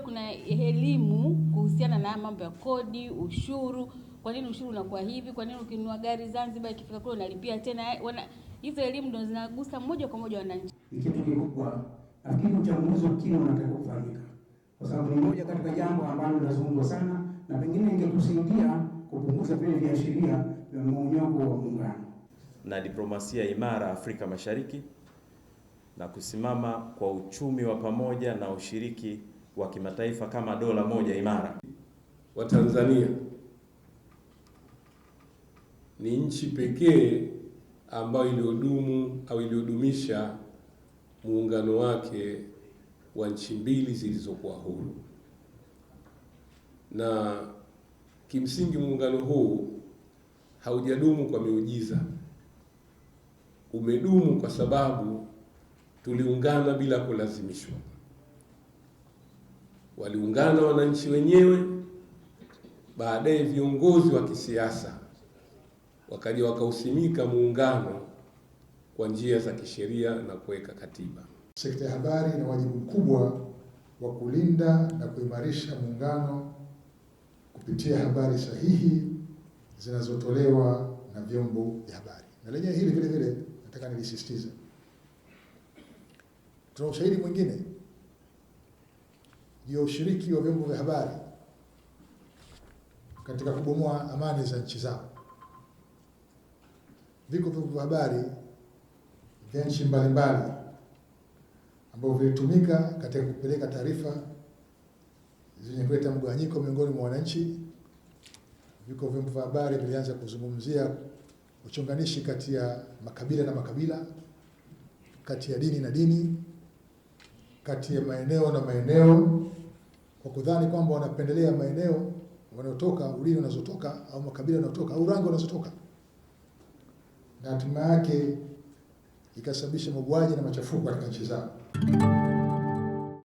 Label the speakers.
Speaker 1: bado kuna elimu kuhusiana na mambo ya kodi, ushuru. Kwa nini ushuru unakuwa hivi? Kwa nini ukinunua gari Zanzibar ikifika kule unalipia tena? Wana hizo elimu ndio zinagusa moja kwa moja wananchi.
Speaker 2: Ni kitu kikubwa, lakini uchambuzi wa kina unatakiwa kufanyika, kwa sababu ni moja katika jambo ambalo linazungumzwa sana na pengine ingekusaidia kupunguza vile viashiria vya mmomonyoko wa Muungano
Speaker 3: na diplomasia imara Afrika Mashariki na kusimama kwa uchumi wa pamoja na ushiriki wa kimataifa kama dola moja imara.
Speaker 4: Watanzania ni nchi pekee ambayo iliyodumu au iliyodumisha muungano wake wa nchi mbili zilizokuwa huru, na kimsingi muungano huu haujadumu kwa miujiza, umedumu kwa sababu tuliungana bila kulazimishwa waliungana wananchi wenyewe, baadaye viongozi wa kisiasa wakaja wakausimika muungano kwa njia za kisheria na kuweka katiba.
Speaker 2: Sekta ya habari ina wajibu mkubwa wa kulinda na kuimarisha muungano kupitia habari sahihi zinazotolewa na vyombo vya habari. Na lenyewe hili vile vile nataka nilisisitiza, tuna ushahidi mwingine ya ushiriki wa vyombo vya habari katika kubomoa amani za nchi zao. Viko vyombo vya habari vya nchi mbalimbali ambavyo vilitumika katika kupeleka taarifa zenye kuleta mgawanyiko miongoni mwa wananchi. Viko vyombo vya habari vilianza kuzungumzia uchonganishi kati ya makabila na makabila, kati ya dini na dini, kati ya maeneo na maeneo, kwa kudhani kwamba wanapendelea maeneo wanayotoka, ulini unazotoka, au makabila yanayotoka, au rangi wanazotoka, na hatima yake ikasababisha mauaji na machafuko katika nchi zao.